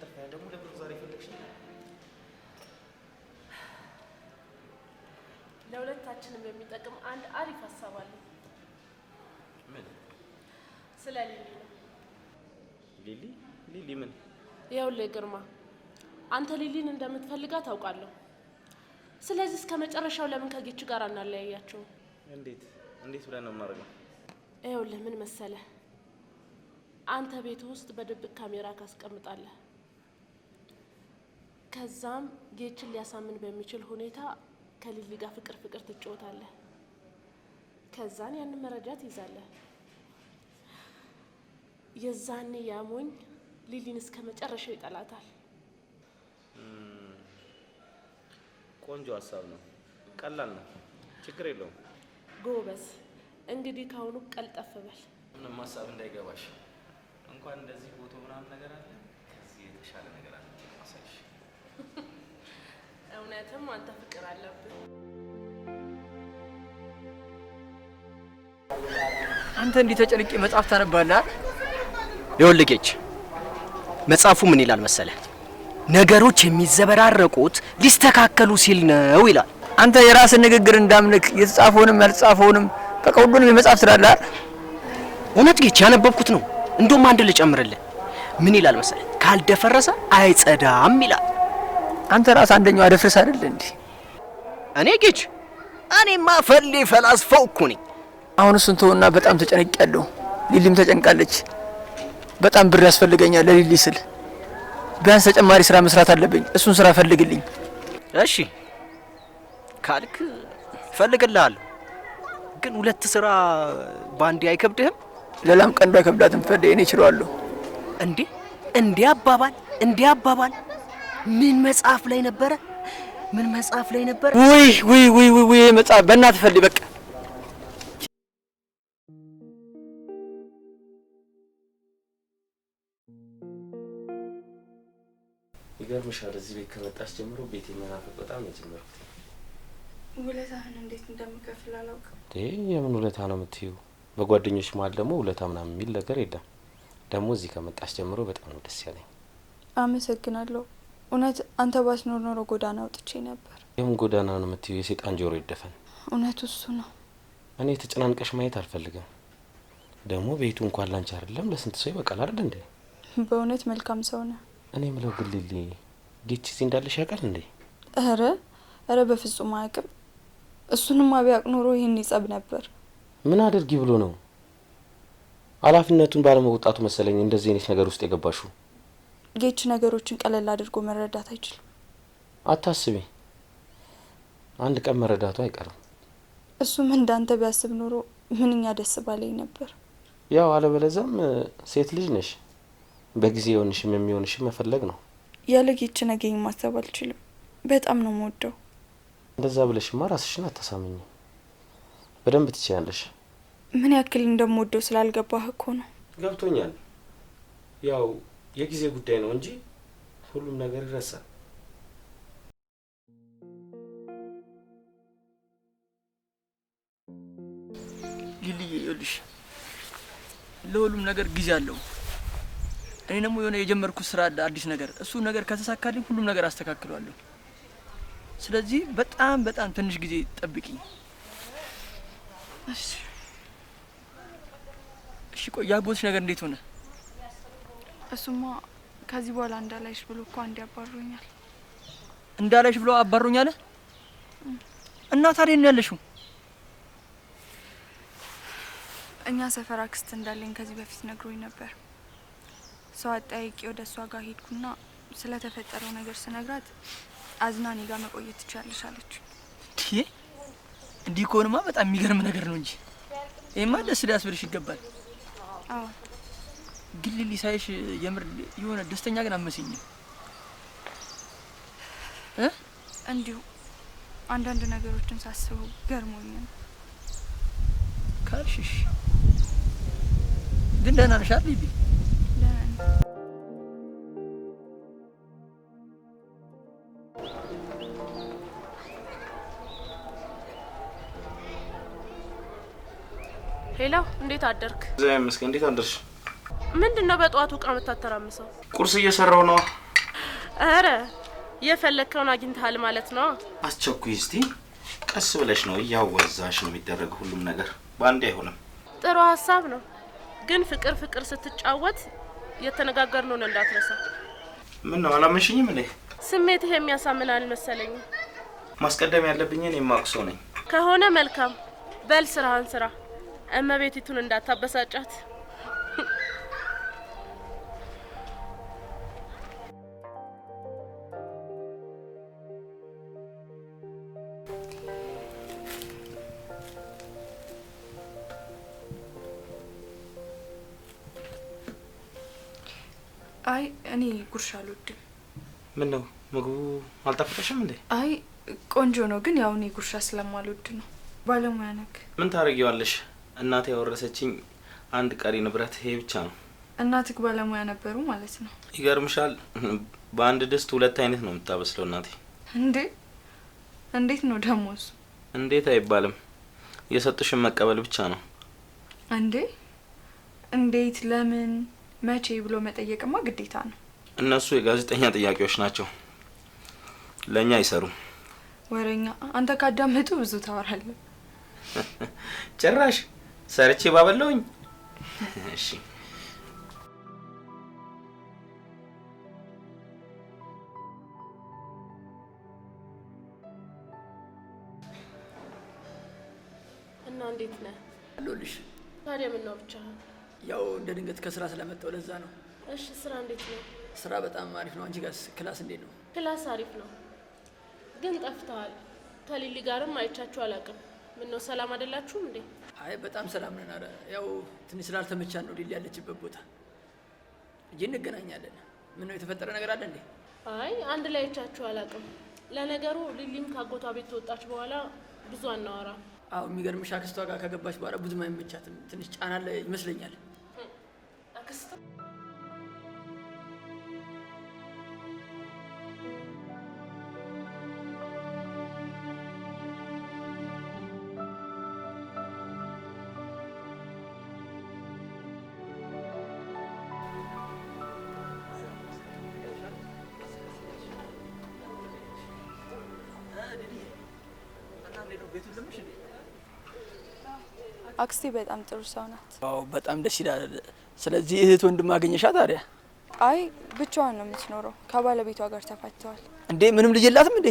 ጠርፊያ ደግሞ ዛሬ ፈለግሽ? ለሁለታችንም የሚጠቅም አንድ አሪፍ ሀሳብ አለ። ምን? ስለ ሊሊ ነው። ሊሊ ሊሊ ምን? ይኸውልህ ግርማ፣ አንተ ሊሊን እንደምትፈልጋ ታውቃለሁ? ስለዚህ እስከ መጨረሻው ለምን ከጌቹ ጋር አናለያያቸው? እንዴት እንዴት ብለን ነው የምናደርገው? ይኸውልህ ምን መሰለህ አንተ ቤት ውስጥ በድብቅ ካሜራ ካስቀምጣለህ ከዛም ጌችን ሊያሳምን በሚችል ሁኔታ ከሊሊ ጋር ፍቅር ፍቅር ትጫወታለህ። ከዛን ያንን መረጃ ትይዛለህ። የዛኔ ያሞኝ ሊሊን እስከ መጨረሻው ይጠላታል። ቆንጆ ሀሳብ ነው። ቀላል ነው፣ ችግር የለውም። ጎበዝ። እንግዲህ ከአሁኑ ቀልጠፍ በል። ምንም ሀሳብ እንዳይገባሽ እንኳን እንደዚህ ፎቶ ምናምን ነገር አለ። ከዚህ የተሻለ ነገር አለ ማሳይሽ። እውነትም አንተ ፍቅር አለብን። አንተ እንዲህ ተጨንቄ መጽሐፍ ታነባለህ? የወልቄች መጽሐፉ ምን ይላል መሰለ? ነገሮች የሚዘበራረቁት ሊስተካከሉ ሲል ነው ይላል። አንተ የራስን ንግግር እንዳምልክ የተጻፈውንም ያልተጻፈውንም በቃ ሁሉንም የመጽሐፍ ስላለ እውነት ጌች ያነበብኩት ነው እንደውም አንድ ልጨምርልህ። ምን ይላል መሰለህ? ካልደፈረሰ አይጸዳም ይላል። አንተ ራስ አንደኛው አደፍርስ አይደል እንዴ? እኔ ጌች፣ እኔማ ፈሌ ፈላስፋው እኮ ነኝ። አሁን እሱን ተውና፣ በጣም ተጨነቅያለሁ። ሊሊም ተጨንቃለች። በጣም ብር ያስፈልገኛል። ለሊሊ ስል ቢያንስ ተጨማሪ ስራ መስራት አለብኝ። እሱን ስራ ፈልግልኝ። እሺ ካልክ ፈልግልሃለሁ፣ ግን ሁለት ስራ ባንዴ አይከብድህም? ለላም ቀንዷ ከብዳትን ፈደ እኔ እችላለሁ። እንዴ እንዲህ አባባል እንዲህ አባባል ምን መጽሐፍ ላይ ነበረ? ምን መጽሐፍ ላይ ነበረ? ውይ ውይ ውይ ውይ ውይ መጽሐፍ በእናትህ ፈልግ በቃ ይገርምሻል እዚህ ቤት ከመጣች ጀምሮ ቤት የመናፈቅ በጣም ነው የጀመርኩት። ውለታህን እንዴት እንደምከፍል አላውቅም። የምን ውለታ ነው የምትይው? በጓደኞች መሀል ደግሞ ውለታ ምናምን የሚል ነገር የለም። ደግሞ እዚህ ከመጣሽ ጀምሮ በጣም ነው ደስ ያለኝ። አመሰግናለሁ። እውነት አንተ ባትኖር ኖሮ ጎዳና አውጥቼ ነበር። ይህም ጎዳና ነው የምትዩ? የሴጣን ጆሮ ይደፈን። እውነቱ እሱ ነው። እኔ የተጨናንቀሽ ማየት አልፈልግም። ደግሞ ቤቱ እንኳን ላንቺ አይደለም ለስንት ሰው ይበቃል አርድ እንዴ? በእውነት መልካም ሰው ነ እኔ ምለው ግልሌ ጌች ዚ እንዳለሽ ያውቃል እንዴ? ረ ረ በፍጹም አያውቅም። እሱንም አቢያቅ ኖሮ ይህን ይጸብ ነበር። ምን አድርጊ ብሎ ነው? ኃላፊነቱን ባለመውጣቱ መሰለኝ እንደዚህ አይነት ነገር ውስጥ የገባሹ። ጌች ነገሮችን ቀለል አድርጎ መረዳት አይችልም። አታስቢ፣ አንድ ቀን መረዳቱ አይቀርም። እሱም እንዳንተ ቢያስብ ኖሮ ምንኛ ደስ ባለኝ ነበር። ያው አለበለዛም ሴት ልጅ ነሽ፣ በጊዜ የሆንሽም የሚሆንሽም መፈለግ ነው። ያለ ጌች ነገኝ ማሰብ አልችልም። በጣም ነው የምወደው። እንደዛ ብለሽማ ራስሽን አታሳምኝ። በደንብ ትችያለሽ። ምን ያክል እንደምወደው ስላልገባህ እኮ ነው። ገብቶኛል። ያው የጊዜ ጉዳይ ነው እንጂ ሁሉም ነገር ይረሳል። ይኸውልሽ፣ ለሁሉም ነገር ጊዜ አለው። እኔ ደግሞ የሆነ የጀመርኩት ስራ አለ፣ አዲስ ነገር። እሱ ነገር ከተሳካልኝ ሁሉም ነገር አስተካክሏለሁ። ስለዚህ በጣም በጣም ትንሽ ጊዜ ጠብቂኝ። እሺ ቆይ ያጎትሽ ነገር እንዴት ሆነ? እሱማ ከዚህ በኋላ እንዳላይሽ ብሎ እኮ አንድ ያባሩኛል። እንዳላይሽ ብሎ አባሩኛል። እና ታዲያ ነው ያለሽው? እኛ ሰፈር አክስት እንዳለኝ ከዚህ በፊት ነግሮኝ ነበር። ሰው አጠያይቄ ወደ እሷ ጋር ሄድኩና ስለተፈጠረው ነገር ስነግራት አዝና እኔ ጋር መቆየት ትችያለሽ እንዲህ ከሆንማ በጣም የሚገርም ነገር ነው እንጂ ይሄማ ደስ ሊያስብልሽ ይገባል። አዎ ግን ሊሊ ሳይሽ የምር የሆነ ደስተኛ ግን አመስኝም እንዲሁ አንዳንድ ነገሮችን ሳስበው ገርሞኛል። ካልሽሽ ግን ደህና ነሽ አይደል ሌላው እንዴት አደርክ? እግዚአብሔር ይመስገን። እንዴት አደርሽ? ምንድን ነው በጠዋቱ እቃ የምታተራምሰው? ቁርስ እየሰራው ነው። አረ የፈለግከውን አግኝተሃል ማለት ነው። አስቸኩይ እስቲ ቀስ ብለሽ ነው፣ እያወዛሽ ነው የሚደረግ ሁሉም ነገር በአንዴ አይሆንም። ጥሩ ሀሳብ ነው፣ ግን ፍቅር ፍቅር ስትጫወት የተነጋገርነውን እንዳትረሳ። ምን ነው አላመንሽኝም እንዴ? ስሜትህ የሚያሳምን አልመሰለኝም። ማስቀደም ያለብኝን የማውቅ ሰው ነኝ። ከሆነ መልካም፣ በል ስራህን ስራ። እመቤቲቱን እንዳታበሳጫት። አይ እኔ ጉርሻ አልወድም። ምን ነው ምግቡ አልጣፈጠሽም እንዴ? አይ ቆንጆ ነው፣ ግን ያው እኔ ጉርሻ ስለማልወድ ነው። ባለሙያ ነክ ምን ታደርጊዋለሽ? እናቴ ያወረሰችኝ አንድ ቀሪ ንብረት ይሄ ብቻ ነው። እናትህ ባለሙያ ነበሩ ማለት ነው። ይገርምሻል፣ በአንድ ድስት ሁለት አይነት ነው የምታበስለው እናቴ። እንዴ! እንዴት ነው ደግሞ እሱ? እንዴት አይባልም፣ የሰጡሽን መቀበል ብቻ ነው። እንዴ! እንዴት፣ ለምን፣ መቼ ብሎ መጠየቅማ ግዴታ ነው። እነሱ የጋዜጠኛ ጥያቄዎች ናቸው፣ ለእኛ አይሰሩም። ወረኛ አንተ ካዳመጡ ብዙ ታወራለህ ጭራሽ ሰርቼ ባበለውኝ። እሺ እና እንዴት ነህ? አለሁልሽ። ታዲያ ምን ነው ብቻ? ያው እንደ ድንገት ከስራ ስለመጣሁ ለዛ ነው። እሺ ስራ እንዴት ነው? ስራ በጣም አሪፍ ነው። አንቺ ጋርስ ክላስ እንዴት ነው? ክላስ አሪፍ ነው፣ ግን ጠፍተዋል። ከሊሊ ጋርም አይቻችሁ አላውቅም። ምን ነው ሰላም አይደላችሁም እንዴ? አይ በጣም ሰላም ነን። አረ ያው ትንሽ ስላልተመቻን ነው ሊል ያለችበት ቦታ እንጂ እንገናኛለን። ምን ነው የተፈጠረ ነገር አለ እንዴ? አይ አንድ ላይ አይቻችሁ አላውቅም። ለነገሩ ሊሊም ካጎቷ ቤት ተወጣች በኋላ ብዙ አናወራም። አዎ የሚገርምሽ አክስቷ ጋር ከገባች በኋላ ብዙም አይመቻትም። ትንሽ ጫና ይመስለኛል አክስቴ በጣም ጥሩ ሰው ናት። አዎ በጣም ደስ ይላል። ስለዚህ እህት ወንድም አገኘሻ ታዲያ? አይ ብቻዋን ነው የምትኖረው። ከባለቤቷ ጋር ተፋተዋል። እንዴ ምንም ልጅ የላትም እንዴ?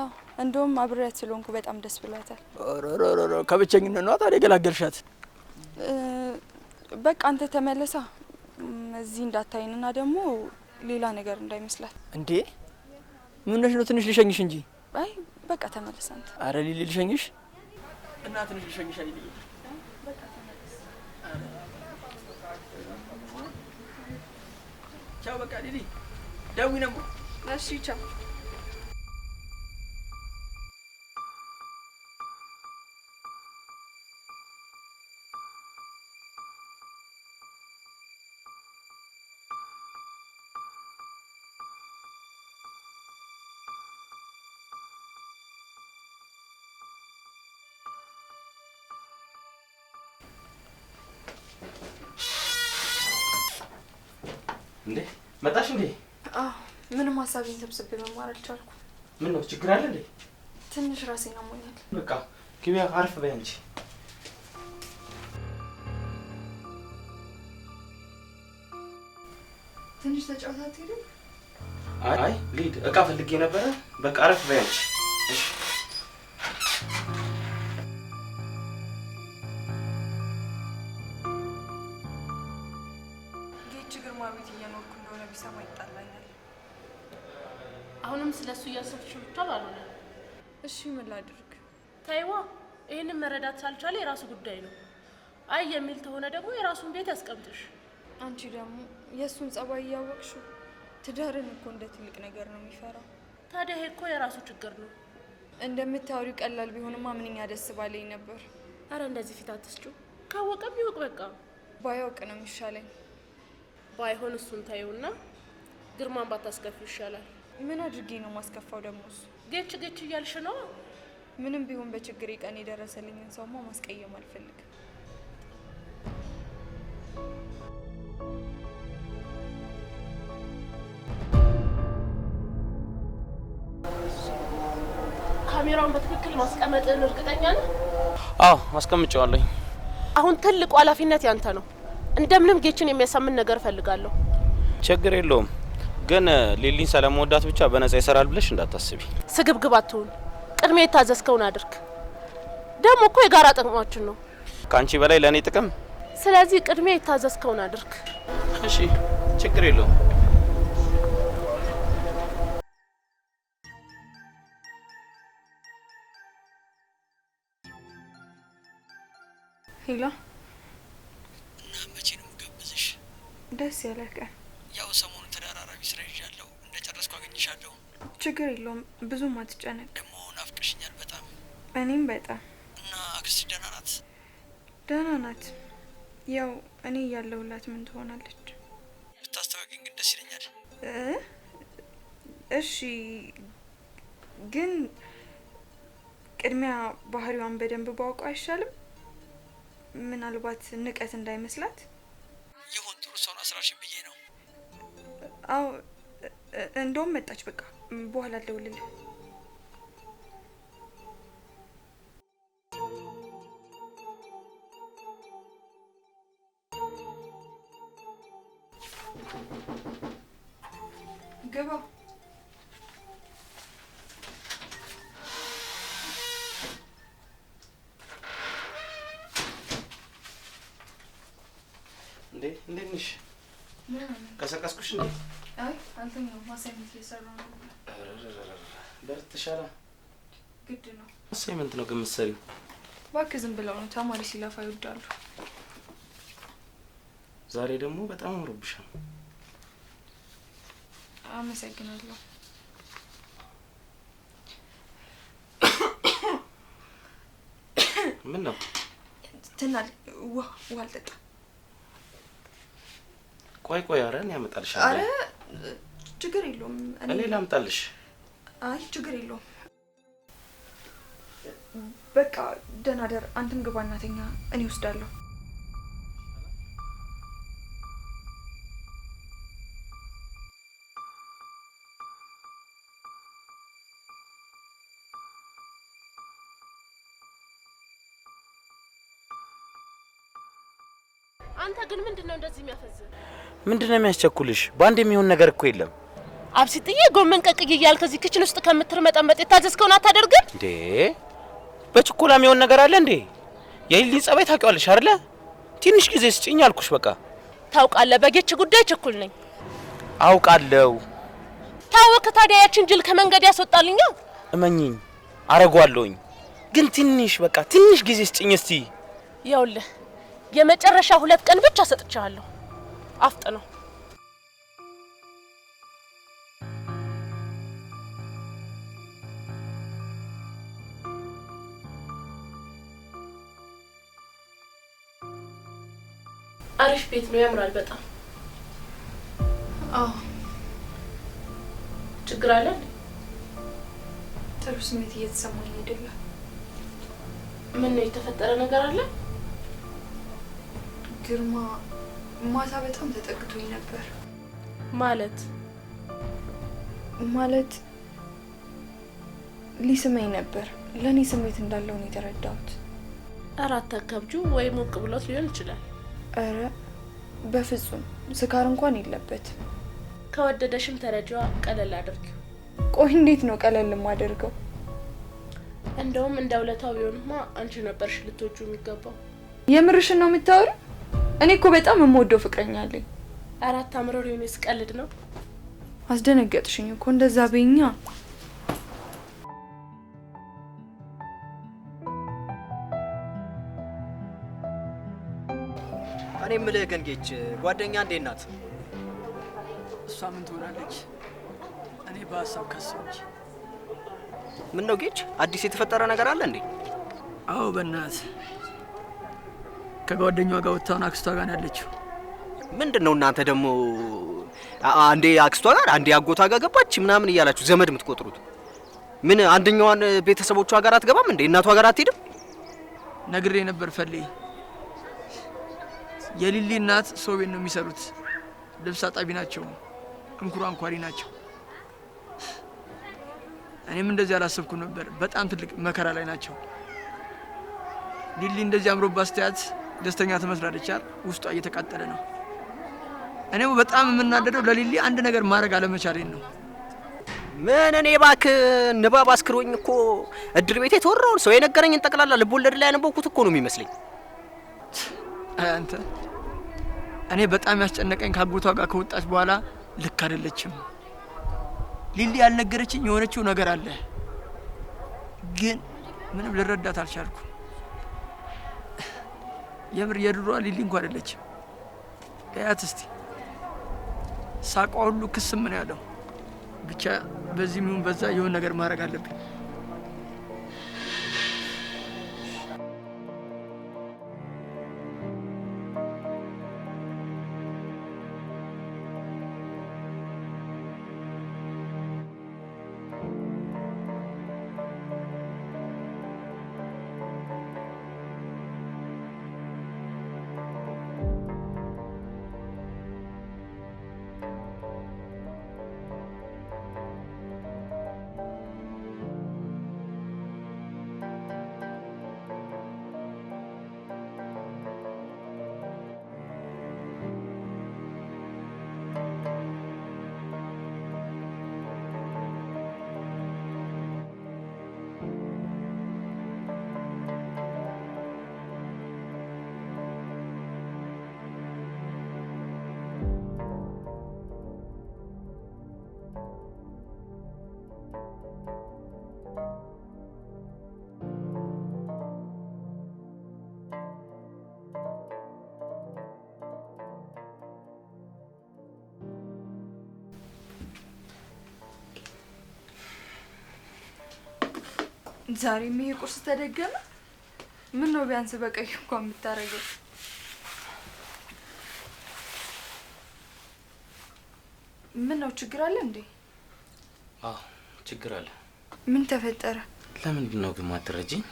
አዎ እንደውም አብሬያት ስለሆንኩ በጣም ደስ ብሏታል። ከብቸኝነት ነዋ ታዲያ ገላገልሻት። በቃ አንተ ተመለሳ እዚህ እንዳታይንና ደግሞ ሌላ ነገር እንዳይመስላት። እንዴ ምነሽ ነው? ትንሽ ልሸኝሽ እንጂ። አይ በቃ ተመለሰን። አረ ሊሊ ልሸኝሽ፣ እናትንሽ ልሸኝሽ። አይ ሊሊ ቻው በቃ ሊሊ፣ ደዊ ነው። እሺ ቻው እንዴ መጣሽ እንዴ? አዎ፣ ምንም ሀሳቤን ሰብስቤ መማር አልቻልኩ። ምን ነው ችግር አለ እንዴ? ትንሽ ራሴን አሞኛል። በቃ ግቢያ አርፍ በይ አንቺ። ትንሽ ተጫወታት። ሄድም አይ ልሂድ፣ እቃ ፈልጌ ነበረ። በቃ አረፍ በይ አንቺ። አሁንም ስለሱ እያሰብሽ ብቻ አልሆነ። እሺ ምን ላድርግ? ታይዋ ይህንን መረዳት ሳልቻለ የራሱ ጉዳይ ነው። አይ የሚል ከሆነ ደግሞ የራሱን ቤት ያስቀምጥሽ። አንቺ ደግሞ የእሱን ጸባይ እያወቅሹ ትዳርን እኮ እንደ ትልቅ ነገር ነው የሚፈራው። ታዲያ ይሄ እኮ የራሱ ችግር ነው። እንደምታወሪው ቀላል ቢሆንማ ምንኛ ደስ ባለኝ ነበር። አረ እንደዚህ ፊት አትስጪው። ካወቀም ይወቅ በቃ። ባያውቅ ነው የሚሻለኝ። ባይሆን እሱን ታየውና ግርማን ባታስከፊው ይሻላል። ምን አድርጌ ነው ማስከፋው? ደግሞ እሱ ጌች ጌች እያልሽ ነው። ምንም ቢሆን በችግሬ ቀን የደረሰልኝን ሰውማ ማስቀየም አልፈልግም። ካሜራውን በትክክል ማስቀመጥን እርግጠኛ ነህ? አዎ አሁን ትልቁ ኃላፊነት ያንተ ነው። እንደምንም ጌችን የሚያሳምን ነገር እፈልጋለሁ። ችግር የለውም ግን ሊሊን ስለመወዳት ብቻ በነጻ ይሰራል ብለሽ እንዳታስቢ። ስግብግብ አትሁን። ቅድሜ የታዘዝከውን አድርግ። ደግሞ እኮ የጋራ ጥቅማችን ነው፣ ከአንቺ በላይ ለእኔ ጥቅም። ስለዚህ ቅድሜ የታዘዝከውን አድርግ። እሺ፣ ችግር የለውም። ሄሎ፣ እና መቼ ነው የምጋብዝሽ? ደስ ያለ ቀን ያው ሰሞኑን አፍቅርሻለሁ። ችግር የለውም ብዙም አትጨነቅ። ደግሞ ናፍቀሽኛል በጣም እኔም በጣም እና አክስት ደህና ናት? ደህና ናት። ያው እኔ እያለሁላት ምን ትሆናለች። ብታስታወቂኝ ግን ደስ ይለኛል። እሺ ግን ቅድሚያ ባህሪዋን በደንብ ባውቀ አይሻልም? ምናልባት ንቀት እንዳይመስላት። ይሁን ጥሩ ሰውን አስራሽን ብዬ ነው። አዎ እንደውም መጣች። በቃ በኋላ አልደውልልህ። ግባ እንዴ! እንዴት ነሽ? ቀሰቀስኩሽ እንዴ? አሳይመንት ነው። በርትሻላ ግድ ነው። አሳይመንት ነው ግን የምትሰሪው? እባክህ ዝም ብለው ነው። ተማሪ ሲለፋ ይወዳሉ። ዛሬ ደግሞ በጣም አምሮብሻል። አመሰግናለሁ። ምን ነው ትናል? ውሃ አልጠጣም። ቆይ ቆይ፣ አረ እኔ አረ ችግር የለውም። እኔ ላምጣልሽ። አይ ችግር የለውም። በቃ ደህና ደር። አንተም ግባ እናተኛ፣ እኔ ወስዳለሁ አንተ ግን ምንድን ነው እንደዚህ የሚያፈዝ? ምንድን ነው የሚያስቸኩልሽ? በአንድ የሚሆን ነገር እኮ የለም። አብሲጥዬ ጎመን ቀቅዬ እያልክ እዚህ ክችን ውስጥ ከምትርመጠመጥ የታዘዝከውን አታደርግም እንዴ? በችኮላ የሚሆን ነገር አለ እንዴ? የሊሊን ጸባይ ታውቂዋለሽ አይደለ? ትንሽ ጊዜ ስጭኝ አልኩሽ። በቃ ታውቃለህ፣ በጌች ጉዳይ ችኩል ነኝ። አውቃለሁ። ታወክ ታዲያ ያችን ጅል ከመንገድ ያስወጣልኛ። እመኝኝ፣ አረጓለሁኝ። ግን ትንሽ በቃ ትንሽ ጊዜ ስጭኝ እስቲ። ይኸውልህ የመጨረሻ ሁለት ቀን ብቻ ሰጥቻለሁ። አፍጥ ነው አሪፍ ቤት ነው፣ ያምራል በጣም። አዎ ችግር አለ። ጥሩ ስሜት እየተሰማኝ አይደለም። ምን ነው የተፈጠረ ነገር አለ? ግርማ ማታ በጣም ተጠግቶኝ ነበር። ማለት ማለት ሊስመኝ ነበር። ለእኔ ስሜት እንዳለው ነው የተረዳሁት። አራት አካብጁ ወይ ሞቅ ብሎት ሊሆን ይችላል ኧረ በፍጹም ስካር እንኳን የለበትም። ከወደደሽም ተረጃዋ ቀለል አድርጊው። ቆይ እንዴት ነው ቀለል የማደርገው እንደውም እንደ ውለታው ቢሆንማ አንቺ ነበርሽ ልትወጁ የሚገባው። የምርሽን ነው የምታወሪ? እኔ እኮ በጣም የምወደው ፍቅረኛ አለኝ። አራት አምሮር የኔ ስቀልድ ነው። አስደነገጥሽኝ እኮ እንደዛ በኛ ምልህ ገንጌች ጓደኛ እንዴት ናት? እሷ ምን ትሆናለች? እኔ በሀሳብ ከሰች። ምን ነው ጌች፣ አዲስ የተፈጠረ ነገር አለ እንዴ? አዎ በእናት ከጓደኛዋ ጋር ወጥታውን አክስቷ ጋር ያለችው። ምንድን ነው እናንተ ደግሞ አንዴ አክስቷ ጋር አንዴ አጎቷ ጋር ገባች ምናምን እያላችሁ ዘመድ የምትቆጥሩት? ምን አንደኛዋን ቤተሰቦቿ ጋር አትገባም እንዴ? እናቷ ጋር አትሄድም? ነግሬ ነበር ፈልይ የሊሊ እናት ሰው ቤት ነው የሚሰሩት። ልብስ አጣቢ ናቸው፣ እንኩሮ አንኳሪ ናቸው። እኔም እንደዚህ አላሰብኩ ነበር። በጣም ትልቅ መከራ ላይ ናቸው። ሊሊ እንደዚህ አምሮባት ስታያት ደስተኛ ትመስላለች። ውስጧ እየተቃጠለ ነው። እኔም በጣም የምናደደው ለሊሊ አንድ ነገር ማድረግ አለመቻሌን ነው። ምን እኔ ባክ ንባብ አስክሮኝ እኮ እድር ቤት የተወራውን ሰው የነገረኝን ጠቅላላ ወለድ ላይ ያነበብኩት እኮ ነው የሚመስለኝ አንተ እኔ በጣም ያስጨነቀኝ ካጎቷ ጋር ከወጣች በኋላ ልክ አይደለችም። ሊሊ ያልነገረችኝ የሆነችው ነገር አለ፣ ግን ምንም ልረዳት አልቻልኩ። የምር የድሯ ሊሊ እንኳ አይደለችም። እያት እስቲ ሳቋ ሁሉ ክስ ምን ያለው። ብቻ በዚህም ይሁን በዛ የሆነ ነገር ማድረግ አለብኝ። ዛሬ ይሄ ቁርስ ተደገመ። ምን ነው ቢያንስ በቀይ እንኳን የምታደርገው? ምን ነው ችግር አለ እንዴ? አዎ ችግር አለ። ምን ተፈጠረ? ለምንድን ነው ግን ማትረጂኝ?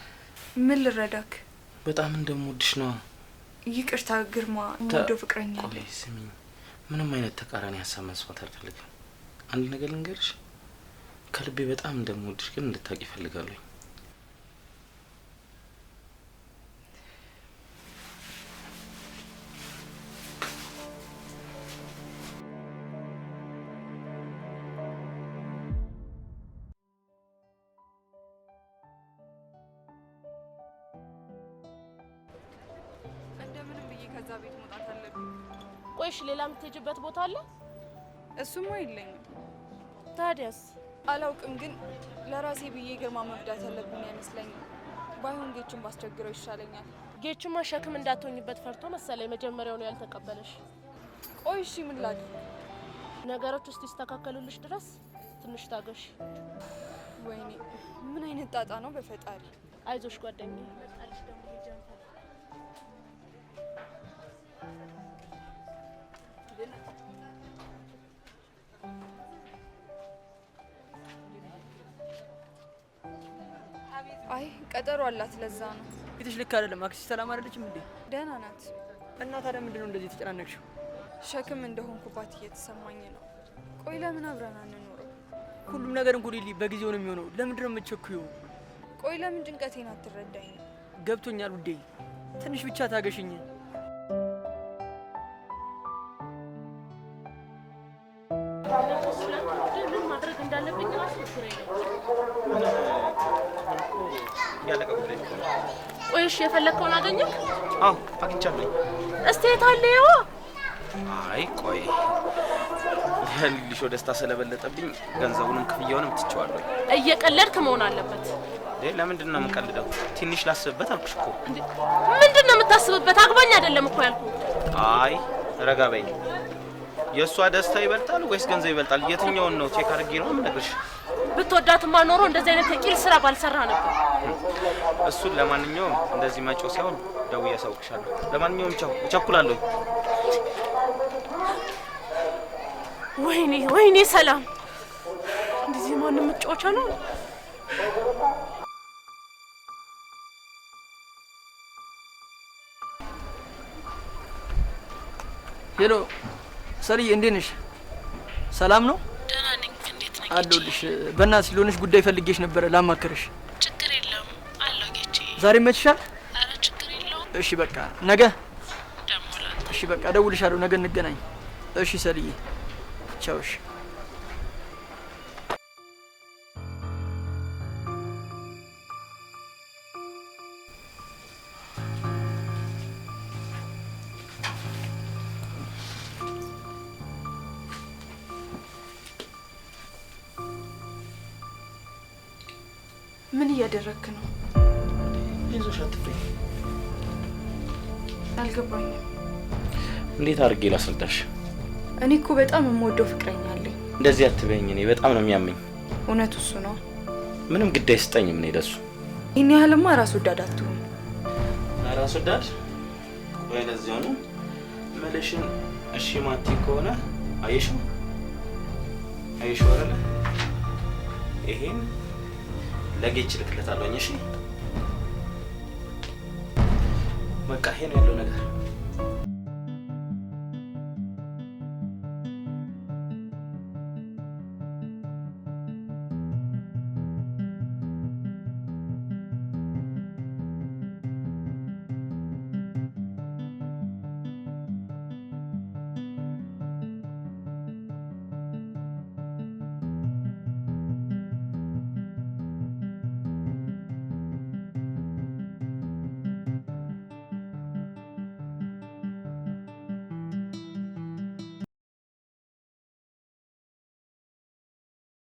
ምን ልረዳክ? በጣም እንደምወድሽ ነዋ። ይቅርታ ግርማ፣ ወደው ፍቅረኛ ስሚኝ፣ ምንም አይነት ተቃራኒ ሀሳብ መስማት አልፈልግም። አንድ ነገር ልንገርሽ፣ ከልቤ በጣም እንደምወድሽ ግን እንድታውቅ ይፈልጋሉኝ። ቤት መውጣት አለብኝ። ቆይሽ ሌላ የምትሄጅበት ቦታ አለ? እሱማ የለኝም። ታዲያስ? አላውቅም፣ ግን ለራሴ ብዬ ግርማ መብዳት ያለብኝ አይመስለኝም። ባይሆን ጌችን ባስቸግረው ይሻለኛል። ጌችማ ሸክም እንዳትሆኝበት ፈርቶ መሰለኝ መጀመሪያውኑ ያልተቀበለሽ። ቆይ እሺ ምን ላድርግ? ነገሮች ውስጥ ይስተካከሉልሽ ድረስ ትንሽ ታገሽ። ወይኔ ምን አይነት ጣጣ ነው! በፈጣሪ አይዞሽ ጓደኛ ቀጠሮ አላት። ለዛ ነው ፊትሽ ልክ አይደለም። አክስሽ ሰላም አይደለችም እንዴ? ደህና ናት። እና ታዲያ ምንድን እንደዚህ የተጨናነቅሽው? ሸክም እንደሆንኩባት እየተሰማኝ ነው። ቆይ ለምን አብረን አንኖረው ሁሉም ነገር እንጉዲል በጊዜው ነው የሚሆነው። ለምንድን ነው የምትቸኩዩ? ቆይ ለምን ጭንቀቴን አትረዳኝ? ገብቶኛል ውዴ፣ ትንሽ ብቻ ታገሽኝ። እንዳለብኝ ራሱ ያለቀ ጉዳይ። የፈለግከውን አገኘህ? አዎ አግኝቻለሁ። እስቲ የት አለ? አይ ቆይ ልሾ ደስታ ስለበለጠብኝ ገንዘቡንም ክፍያውንም ትቼዋለሁ። እየቀለድክ መሆን አለበት። ለምንድን ነው የምንቀልደው? ትንሽ ላስብበት አልኩሽ እኮ። ምንድን ነው የምታስብበት? አግባኝ አይደለም እኮ ያልኩ። አይ ረጋ በይ የእሷ ደስታ ይበልጣል ወይስ ገንዘብ ይበልጣል? የትኛውን ነው ቼክ አድርጌ ነው የምነግርሽ። ብትወዳትማ ኖሮ እንደዚህ አይነት የቂል ስራ ባልሰራ ነበር። እሱን ለማንኛውም እንደዚህ መጪው ሳይሆን ደው አሳውቅሻለሁ። ለማንኛውም ቻው፣ እቸኩላለሁ። ወይኔ ወይኔ፣ ሰላም እንደዚህ ማንም መጫወቻ ነው። ሄሎ ሰልይ እንዴት ነሽ? ሰላም ነው? ደህና ነኝ። እንዴት ነኝ? አለሁልሽ። በእናትሽ ለሆነሽ ጉዳይ ፈልጌሽ ነበረ ላማክርሽ። ችግር የለውም አለሁ ጌቼ። ዛሬ መችሻል? ኧረ ችግር የለውም። እሺ በቃ ነገ ደሞላ። እሺ በቃ እደውልልሻለሁ። ነገ እንገናኝ። እሺ ሰልይ፣ ቻውሽ ምን እያደረግክ ነው? ይዞሽ አትፍሪ። አልገባኝም። እንዴት አድርጌ ላስረዳሽ? እኔ እኮ በጣም የምወደው ፍቅረኛ አለኝ። እንደዚህ አትበይኝ። እኔ በጣም ነው የሚያመኝ። እውነቱ እሱ ነው። ምንም ግድ አይሰጠኝም እኔ ለሱ። ይህን ያህልማ ራስ ወዳድ አትሆን። ራስ ወዳድ ወይ ለዚያ ነው መልሽን። እሺ ማቲ ከሆነ አየሽው፣ አየሽው አይደለ ይሄን ለጌች ልክለት አለኝ። እሺ በቃ ይሄ ነው ያለው ነገር።